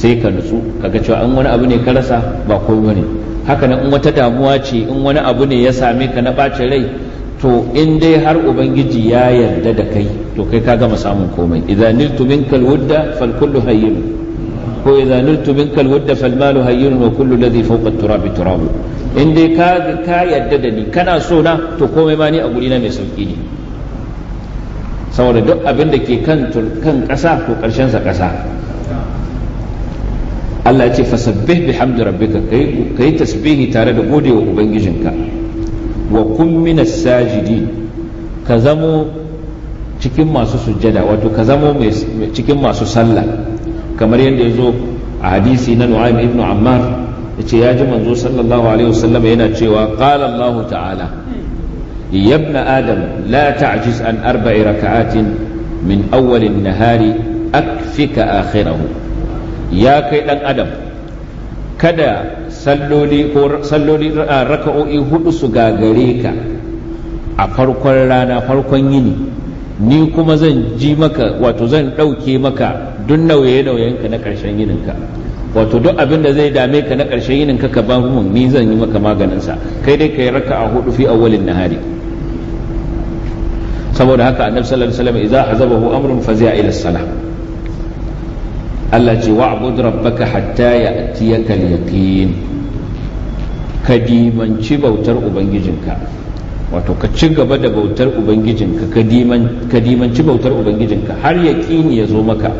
sai ka nutsu kaga cewa an wani abu ne ka rasa ba komai ne haka nan in wata damuwa ce in wani abu ne ya same ka na bacin rai to in dai har ubangiji ya yarda da kai to kai ka gama samun komai idza niltu minka alwudda fal kullu hayyin ko idza niltu minka alwudda fal malu hayyin wa kullu ladhi fawqa at-turab in dai ka ka yarda da ni kana so na to komai ma ni a gurina mai sauki ne saboda duk abin da ke kan kan ƙasa ko ƙarshen sa ƙasa Allah ya ce fasabbih bihamdi rabbika kai kai tasbihi tare da godewa ubangijinka wa kun minas sajidi ka zamo cikin masu sujjada wato ka zamo cikin masu sallah kamar yadda ya zo a hadisi na Nu'aym ibn Ammar yace ya ji manzo sallallahu alaihi wasallam yana cewa qala Allah ta'ala ya adam la ta'jiz an arba'i raka'atin min awwal nahari akfika akhirahu ya kai ɗan adam kada salloli ko salloli raka'o'i hudu su gagare ka a farkon rana farkon yini ni kuma zan ji maka wato zan ɗauke maka duk nauye-nauyenka na ƙarshen yininka wato duk abin da zai dame ka na ƙarshen yininka ka ka bar mun ni zan yi maka maganin sa kai dai ka yi raka a hudu fi awwalin nahari saboda haka annabi sallallahu alaihi wasallam idza azabahu amrun fazi'a ila salah Allah ce wa'bud rabbaka hatta ya'tiyaka al-yaqin ka dimanci bautar ubangijinka wato ka ci gaba da bautar ubangijinka ka dimanci bautar ubangijinka har yaqini ya zo maka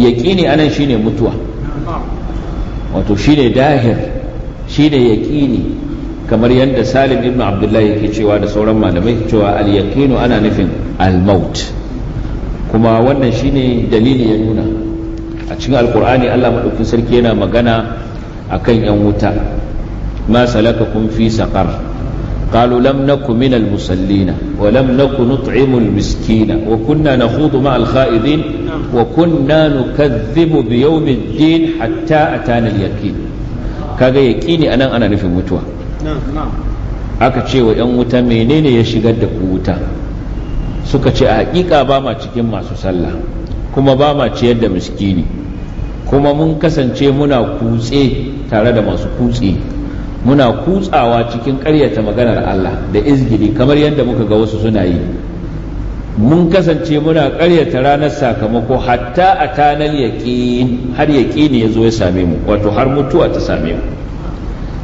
yaqini anan shine mutuwa wato shine dahir shine yaqini kamar yadda salim ibn abdullahi yake cewa da sauran malamai cewa al yaqinu ana nufin al maut kuma wannan shine dalili ya nuna cikin alkur'ani Allah madaukakin sarki yana magana akan yan wuta ma kun fi saqar قالوا لم نكن من المصلين ولم نكن نطعم المسكين وكنا نخوض مع الخائضين وكنا نكذب بيوم الدين حتى أتانا اليقين كاغا يقيني أنا أنا نفي متوى aka ce wa 'yan wuta menene ya shigar da ku wuta suka ce a hakika ba ma cikin masu sallah kuma ba ma ciyar da miskini kuma mun kasance muna kutse tare da masu kutse muna kutsawa cikin ƙaryata maganar Allah da izgili kamar yadda muka ga wasu suna yi mun kasance muna ƙaryata ranar sakamako hatta a tanar yaƙin har yaƙi ne ya zo ya same mu wato har mutuwa ta same mu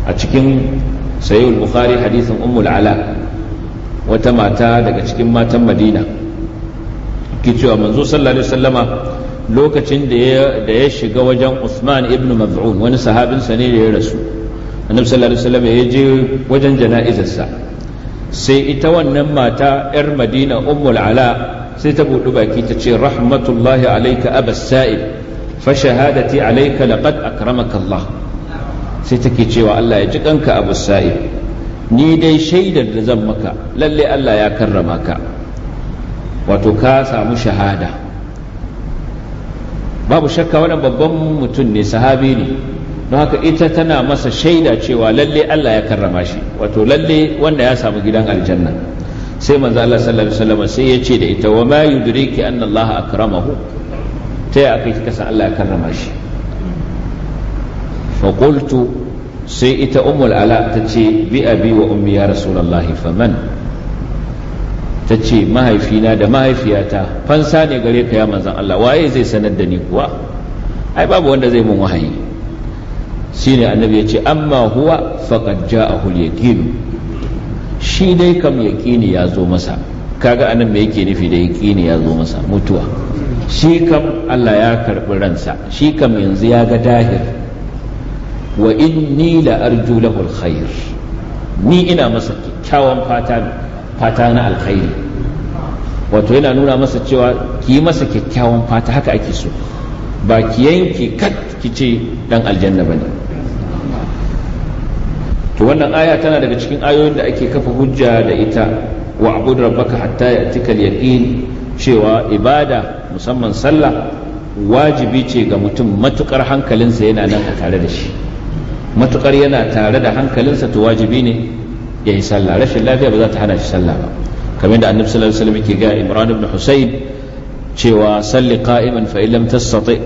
a cikin sayyid bukhari hadisin ummul ala wata mata daga cikin matan madina ke cewa manzo sallallahu alaihi wasallama lokacin da ya shiga wajen Usman ibn Maz'un wani sahabinsa ne da ya rasu annabi sallallahu alaihi wasallam ya je wajen jana'izarsa sai ita wannan mata yar Madina Ummul Ala sai ta buɗi baki ta ce rahmatullahi alayka abas sa'id fa shahadati alayka laqad akramaka Allah sai take cewa Allah ya ji kanka abu sa'id ni dai shaidar da zan maka lalle Allah ya karrama ka wato ka samu shahada babu shakka wannan babban mutum ne sahabi ne don haka ita tana masa shaida cewa lalle Allah ya karrama shi wato lalle wanda ya samu gidan aljanna sai manzo Allah sallallahu alaihi wasallam sai ya ce da ita wa ma yudriki anna Allah akramahu ta ya aka kika san Allah ya karrama shi fa qultu sai ita ummul ala ta ce bi abi wa ummi ya rasulullahi faman ta ce mahaifina da mahaifiyata fansa ne gare ka ya manzan Allah waye zai sanar da ni kuwa ai babu wanda zai mun wahayi shine annabi ya ce amma huwa faqad ja'ahu al-yaqin shi dai kam yaqini ya zo masa kaga anan me yake nufi da yaqini ya zo masa mutuwa shi kam Allah ya karbi ransa shi kam yanzu ya ga dahir wa inni la arju lahu al-khair ni ina masa kyakkyawan fata ne fata na alkhairi wato yana nuna masa cewa ki yi masa kyakkyawan fata haka ake so ba ki yanke kat ki ce dan aljanna bane to wannan aya tana daga cikin ayoyin da ake kafa hujja da ita wa abudu rabbaka hatta ya'tika al-yaqin cewa ibada musamman sallah wajibi ce ga mutum matukar hankalinsa yana nan a tare da shi matukar yana tare da hankalinsa to wajibi ne ya yi sallah rashin lafiya ba za ta hana shi sallah ba kamar da annabi sallallahu alaihi wasallam yake ga imran ibn husayn cewa salli qa'iman fa illam tastati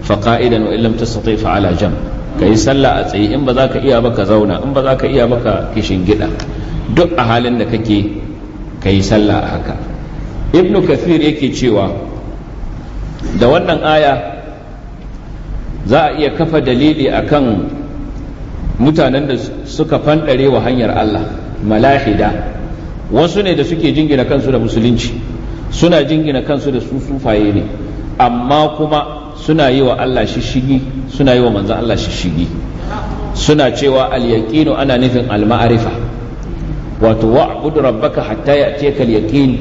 fa qa'idan wa illam tastati fa ala jam ka yi sallah a tsaye in ba za ka iya ba ka zauna in ba za ka iya ba ka kishin gida duk a halin da kake ka yi sallah a haka ibnu kathir yake cewa da wannan aya za a iya kafa dalili akan mutanen da suka fanɗare wa hanyar Allah malahida wasu ne da suke jingina kansu da musulunci suna jingina kansu da su sufaye ne amma kuma suna yi wa Allah shishigi suna yi wa manzan Allah shishigi suna cewa al-yaqinu ana nufin al-ma'arifa wato wa'bud rabbaka hatta ya'tiyaka al-yaqin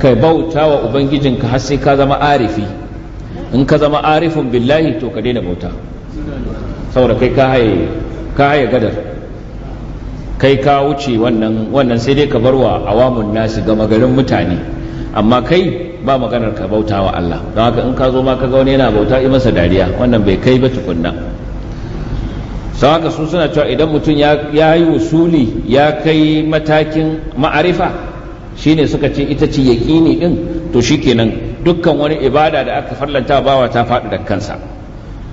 kai bauta wa ubangijinka har sai ka zama arifi in ka zama arifin billahi to ka daina bauta saboda kai ka haye ka haye gadar kai ka wuce wannan wannan sai dai ka bar wa awamun nasi gama garin mutane amma kai ba maganar ka bauta wa Allah don haka in ka zo ma ka ga wani yana bauta yi masa dariya wannan bai kai ba tukunna sau haka su suna cewa idan mutum ya yi usuli ya kai matakin ma'arifa shine suka ce ita ce yaƙini ɗin to shikenan dukkan wani ibada da aka farlanta bawa ta faɗi da kansa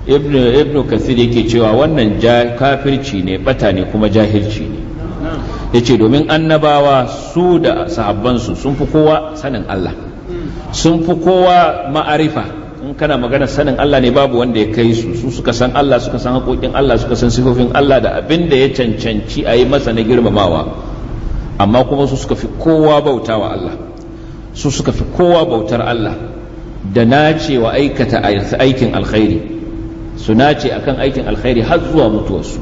ibn kasir yake cewa wannan kafirci ne bata ne kuma jahilci ne ya ce domin annabawa su da sahabbansu sun fi kowa sanin Allah sun fi kowa ma'arifa in kana magana sanin Allah ne babu wanda ya kai su su suka san Allah suka san haƙoƙin Allah suka san sifofin Allah da abin da ya cancanci a yi masa na girmamawa amma kuma su suka fi kowa bautawa Allah su suka fi kowa bautar Allah da nacewa aikata aikin alkhairi su ce akan aikin alkhairi har zuwa mutuwarsu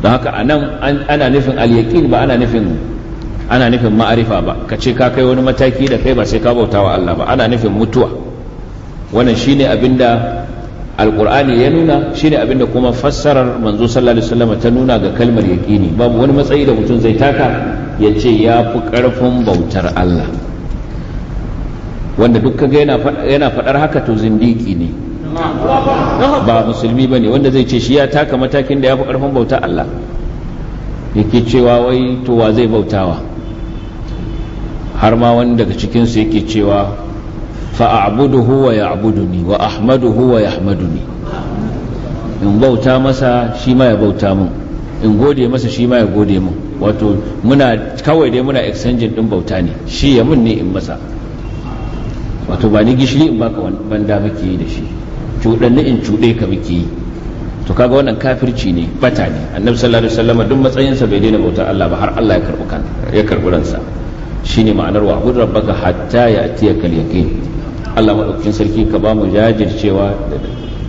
don haka a nan ana nufin alyaqin ba ana nufin ana nufin ma'arifa ba ka ce ka kai wani mataki da kai ba sai ka bauta wa Allah ba ana nufin mutuwa wannan shine abinda alqur'ani ya nuna shine abinda kuma fassarar manzo sallallahu alaihi wasallam ta nuna ga kalmar yaqini babu wani matsayi da mutum zai taka ya ce ya fi ƙarfin bautar Allah wanda duk kaga yana faɗar haka to zindiki ne ba musulmi bane wanda zai ce shi ya taka matakin da ya fi karfin bauta Allah yake cewa wai to wa zai bautawa har ma wani daga cikinsu yake cewa fa'abuduhu wa ya'buduni wa ahmaduhu wa yahmaduni in bauta masa shi ma ya bauta mun in gode masa shi ma ya gode mun wato muna kawai dai muna exchange din bauta ne shi ya mun ne in masa wato ba ni gishiri in baka banda muke yi da shi cuɗanni in cuɗe ka muke yi to kaga wannan kafirci ne bata ne annabi sallallahu alaihi wasallam duk matsayinsa bai daina bautar Allah ba har Allah ya karbi kan ya karbi ransa shine ma'anar wa abud rabbaka hatta ya'tiyakal yaqin Allah madaukakin sarki ka ba mu jajircewa da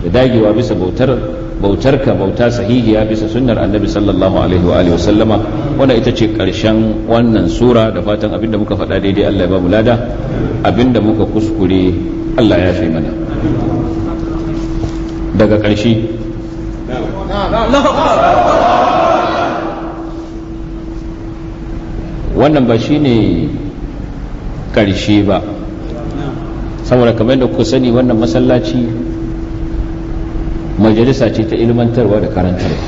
dagewa bisa bautar bautarka bauta sahihiya bisa sunnar annabi sallallahu alaihi wa alihi wasallama wanda ita ce karshen wannan sura da fatan abinda muka faɗa daidai Allah ya ba mu lada abinda muka kuskure Allah ya fi mana daga ƙarshe wannan ba shi ne ƙarshe ba saboda kamar yadda kuka sani wannan masallaci majalisa ce ta ilmantarwa da karantarwa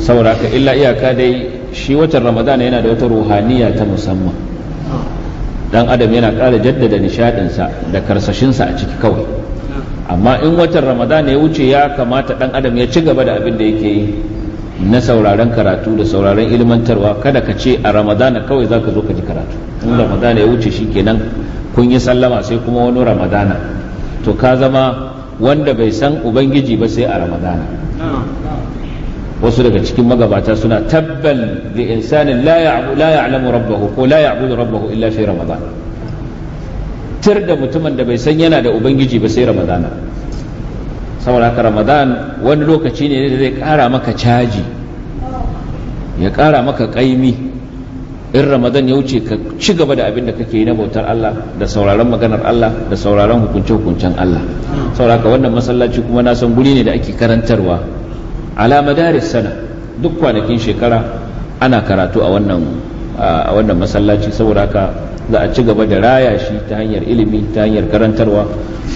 saboda ka illa iyaka dai shi watan ramadana yana da wata ruhaniya ta musamman dan adam yana ƙara jaddada nishaɗinsa da karsashinsa a ciki kawai amma in watan ramadana ya wuce ya kamata dan adam ya ci gaba da abin da yake yi na sauraron karatu da sauraron ilmantarwa kada ka ce a ramadana kawai zaka zo ka ji karatu in ramadana ya wuce shikenan kun yi sallama sai kuma wani ramadana to ka zama wanda bai san ubangiji ba sai a ramadana wasu daga cikin magabata suna tabbal li insanin la ya'lamu rabbahu ko la ya'budu rabbahu illa fi ramadan fitar da mutumin da bai san yana da ubangiji ba sai ramadan saboda haka ramadan wani lokaci ne da zai kara maka caji ya kara maka kaimi in ramadan ya wuce ka ci gaba da abin da kake yi na bautar Allah da sauraron maganar Allah da sauraron hukunce-hukuncen Allah saboda haka wannan masallaci kuma na san guri ne da ake karantarwa ala madaris sana duk kwanakin shekara ana karatu wannan a wannan masallaci saboda haka za a ci gaba da raya shi ta hanyar ilimi ta hanyar karantarwa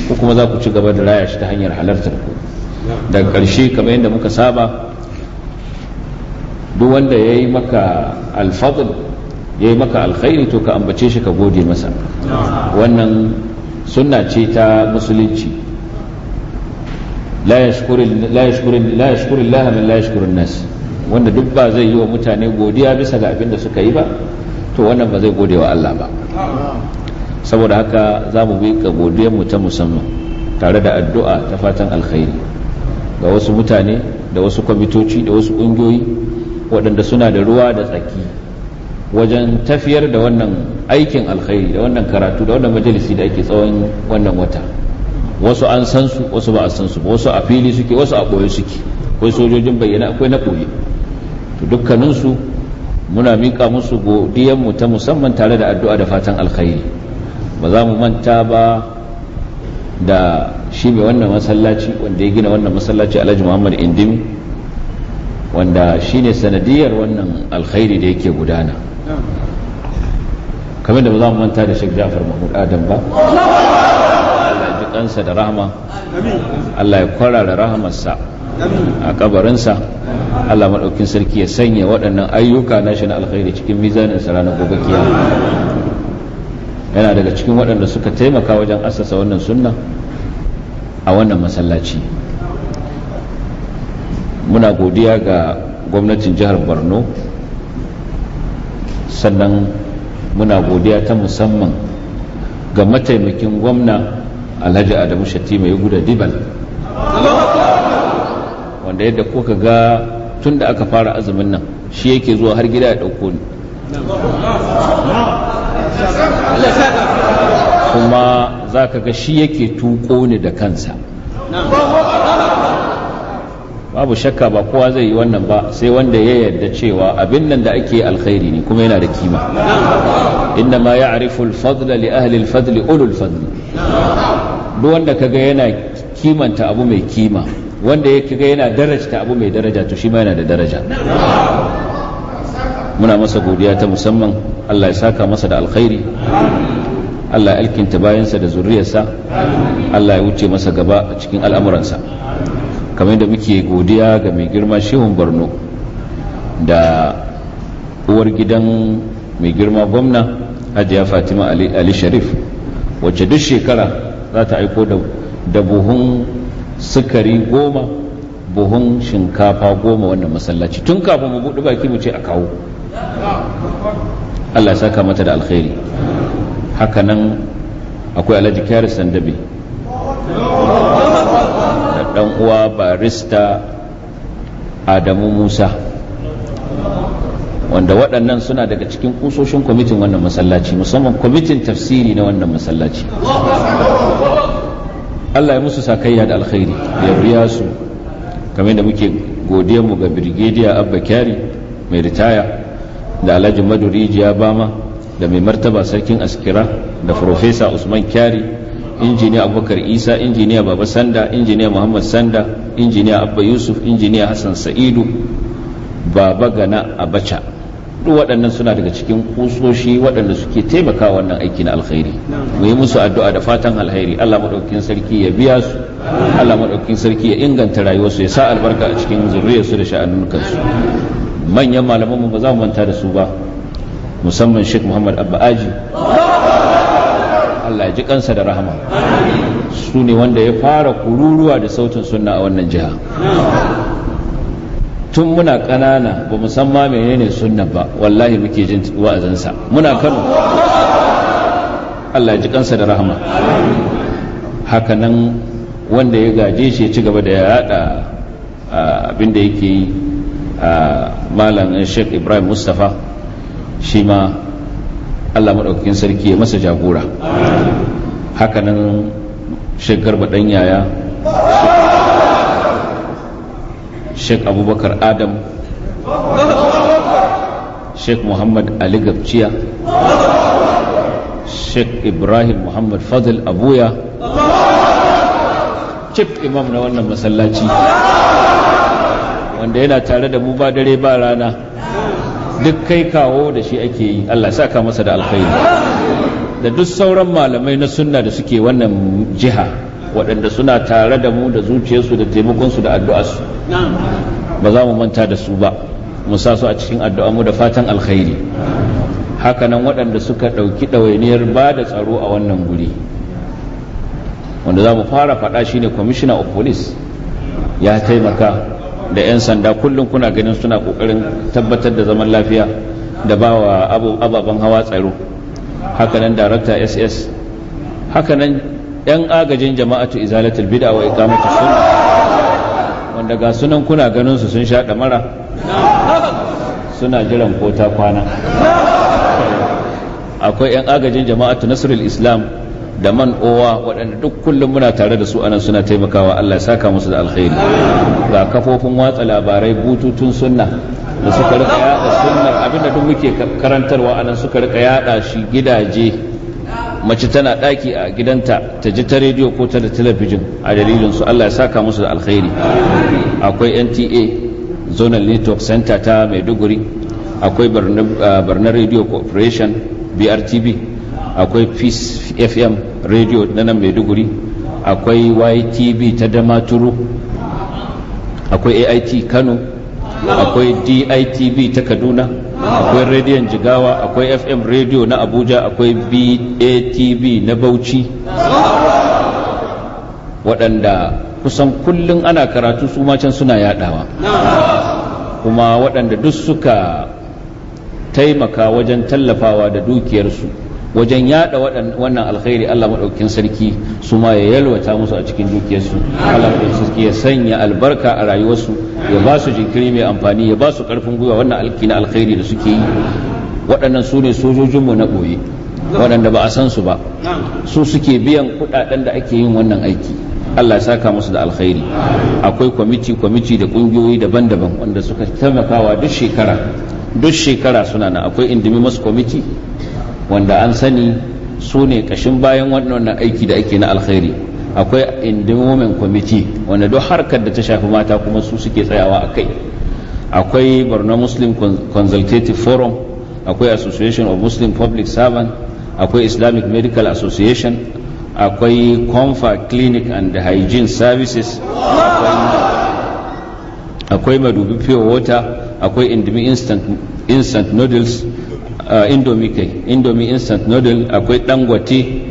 ko kuma za ku ci gaba da raya shi ta hanyar halartar ku daga ƙarshe kamar yadda muka saba duk wanda ya yi maka alfadl ya yi maka alkhairi to ka ambace shi ka gode masa wannan sunna ce ta musulunci la yashkuru la Allah min la yashkuru nas wanda duk ba zai yi wa mutane godiya bisa ga abin da suka yi ba to wannan ba zai gode wa Allah ba saboda haka za mu bi godiyar mu ta musamman tare da addu'a ta fatan alkhairi ga wasu mutane da wasu kwamitoci da wasu ƙungiyoyi waɗanda suna da ruwa da tsaki wajen tafiyar da wannan aikin alkhairi da wannan karatu da wannan majalisi da ake tsawon wannan wata wasu an san su wasu ba a san su wasu a fili suke wasu a ɓoye suke akwai sojojin bayyana akwai na ɓoye to dukkaninsu muna miƙa musu mu ta musamman tare da addu'a da fatan alkhairi ba za mu manta ba da shi mai wannan masallaci wanda ya gina wannan masallaci alhaji muhammad indimi wanda shi ne sanadiyar wannan alkhairi da yake gudana kamar da ba za mu manta da shek jafar mahmud adam ba Allah ya ji kansa da rahama Allah ya kwarara rahamarsa a kabarinsa Allah maɗaukin sarki ya sanya waɗannan ayyuka na shi na alkhairi cikin mizanin sa ranar gobe kiyama yana daga cikin waɗanda suka taimaka wajen asasa wannan sunna a wannan masallaci muna godiya ga gwamnatin jihar borno sannan muna godiya ta musamman ga mataimakin gwamna alhaji adamu shatima ya guda dibal wanda yadda ko ka ga tun da aka fara azumin nan shi yake zuwa har gida ya ɗauko ni kuma za ka ga shi yake tuko ni da kansa babu shakka ba kowa zai yi wannan ba sai wanda ya yarda cewa abin nan da ake alkhairi ne kuma yana da kima inda ma ya ariful fadla li ahli fadli ulul fadli duk wanda kaga yana kimanta abu mai kima wanda ya kiga yana darajta abu mai daraja to shi ma yana da daraja muna masa godiya ta musamman Allah ya saka masa da alkhairi Allah ya alkinta bayansa da zuriyarsa Allah ya wuce masa gaba a cikin al'amuransa kamar da muke godiya ga mai girma shehun Borno da uwar gidan mai girma gwamna hajiya Fatima Ali Sharif wacce duk shekara za ta aiko da buhun sukari goma buhun shinkafa goma wannan masallaci tun kafin mu buɗe baki mu ce a kawo Allah saka mata da alkhairi hakanan akwai alhaji kyari sandabe da ɗan uwa barista adamu musa wanda waɗannan suna daga cikin kusoshin kwamitin wannan masallaci musamman kwamitin tafsiri na wannan masallaci Allah ya musu sakayya da alkhairi ya biya su kamar da muke godiyar mu ga birgediya abba kyari mai ritaya da alhaji ya bama da mai martaba sarkin askira da Professor usman kyari injiniya abubakar isa injiniya baba sanda injiniya muhammad sanda injiniya abba yusuf injiniya hassan sa'idu baba gana abacha duk waɗannan suna daga cikin kusoshi waɗanda suke taimaka wannan aiki na alkhairi mu yi musu addu'a da fatan alkhairi Allah madaukakin sarki ya biya su Allah madaukakin sarki ya inganta rayuwarsu ya sa albarka a cikin zurriyarsu da sha'anun kansu manyan malaman mu ba za mu manta da su ba musamman Sheikh Muhammad Abba Aji Allah ya ji kansa da rahama su ne wanda ya fara kururuwa da sautin sunna a wannan jiha tun muna ƙanana ba mu san ma menene sunna ba wallahi muke jin wa'azinsa muna kano Allah ji kansa da rahama hakanan wanda ya gaje shi ya ci gaba da yada abin da yake yi malam Sheikh Ibrahim Mustapha shi ma Allah maɗaukakin sarki ya masa jagora hakanan Sheikh Garba ɗan yaya sheikh abubakar adam sheikh muhammad ali gabciya sheikh ibrahim muhammad fadl abuya chief imam na wannan masallaci wanda yana tare da mu ba dare ba rana duk kai kawo da shi ake yi allah saka masa da alkhairi da duk sauran malamai na sunna da suke wannan jiha waɗanda suna tare da mu da zuciyarsu da taimakonsu da addu'arsu ba za mu manta da su ba mu sa su a cikin addu'a mu da fatan alkhairi hakanan waɗanda suka ɗauki ɗawainiyar ba da tsaro a wannan guri wanda za mu fara faɗa shine commissioner of police ya taimaka da 'yan sanda kullum kuna ganin suna ƙoƙarin tabbatar da zaman lafiya da ba wa ababen hawa tsaro hakanan darakta ss hakanan yan agajin jama'atu izalatul bid'a wa iqamatu sunna wanda ga sunan kuna ganin su sun sha mara suna jiran ko ta kwana akwai yan agajin jama'atu nasrul islam da man owa waɗanda duk kullum muna tare da su anan suna taimakawa Allah ya saka musu da alkhairi ga kafofin watsa labarai bututun sunna da suka rika yada sunnar abinda duk muke karantarwa anan suka rika yada shi gidaje mace tana daki a gidanta ta ji ta rediyo ko ta da talabijin a dalilin su Allah ya saka musu da alkhairi akwai NTA zonal network center ta Maiduguri akwai Barnar uh, Radio Corporation BRTB akwai Peace FM radio na nan Maiduguri akwai YTB ta Damaturu akwai AIT Kano akwai DITB ta Kaduna akwai rediyon jigawa akwai fm radio na abuja akwai batv na bauchi waɗanda kusan kullum ana karatu su can suna yaɗawa. kuma waɗanda duk suka taimaka wajen tallafawa da dukiyarsu wajen yada wannan alkhairi Allah maɗaukin sarki su ma ya yalwata musu a cikin dukiyarsu Allah maɗaukin sarki ya sanya albarka a rayuwarsu ya ba su jinkiri mai amfani ya ba su karfin gwiwa wannan alki na alkhairi da suke yi waɗannan su ne sojojinmu na ɓoye waɗanda ba a san su ba su suke biyan kuɗaɗen da ake yin wannan aiki Allah ya saka musu da alkhairi akwai kwamiti kwamiti da ƙungiyoyi daban-daban wanda suka taimakawa duk shekara duk shekara suna nan akwai indimimas kwamiti wanda an sani su ne kashin bayan wannan aiki da ake na alkhairi akwai women committee wanda duk harkar da ta shafi mata kuma su suke tsayawa a kai akwai borno muslim consultative forum akwai association of muslim public servant akwai islamic medical association akwai comfort clinic and hygiene services akwai madubi pure water akwai indimi instant noodles Ah, indomie kai indomie instant noodle akwai dangote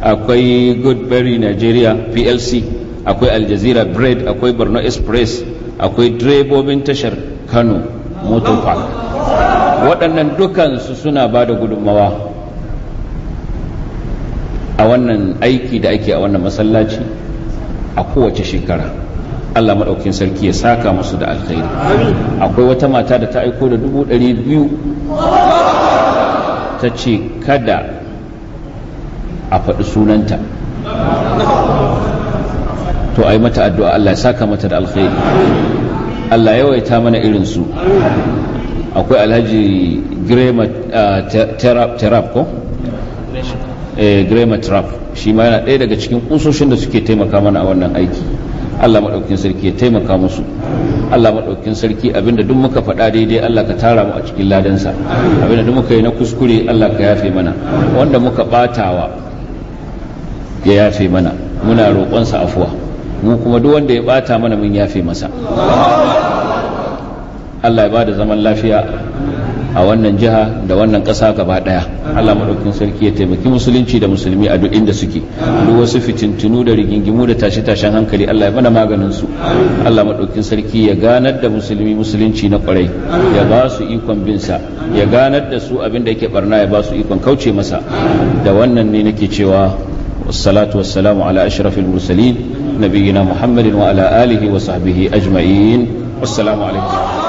akwai goodberry nigeria plc akwai aljazeera bread akwai borno express akwai direbobin tashar kano motor park waɗannan dukansu suna ba da gudunmawa a wannan aiki da ake a wannan masallaci a kowace shekara allah maɗaukin sarki ya saka musu da alkhairi akwai wata mata da ta aiko da dubu ɗari biyu ta ce kada a faɗi sunanta to a yi mata addu'a Allah ya saka mata da alkhairi Allah yawaita mana irinsu akwai alhaji grema terap ko? Eh, grema shi ma yana ɗaya daga cikin ƙusoshin da suke taimaka mana a wannan aiki Allah maɗaukin sarki ya taimaka musu Allah maɗaukin sarki abinda duk muka faɗa daidai Allah ka tara mu a cikin ladansa abinda duk muka yi na kuskure Allah ka yafe mana wanda muka ɓatawa ya yafe mana muna roƙonsa afuwa mu kuma duk wanda ya ɓata mana mun yafe masa Allah ya bada zaman lafiya a wannan jiha da wannan ƙasa gaba ɗaya Allah maɗaukin sarki ya taimaki musulunci da musulmi a duk inda suke duk wasu fitintunu da rigingimu da tashe-tashen hankali Allah ya mana maganin su Allah maɗaukin sarki ya ganar da musulmi musulunci na ƙwarai ya ba su ikon bin ya ganar da su abin da yake barna ya ba su ikon kauce masa da wannan ne nake cewa wassalatu wassalamu ala ashrafil mursalin nabiyina muhammadin wa ala alihi wa sahbihi ajma'in wassalamu alaikum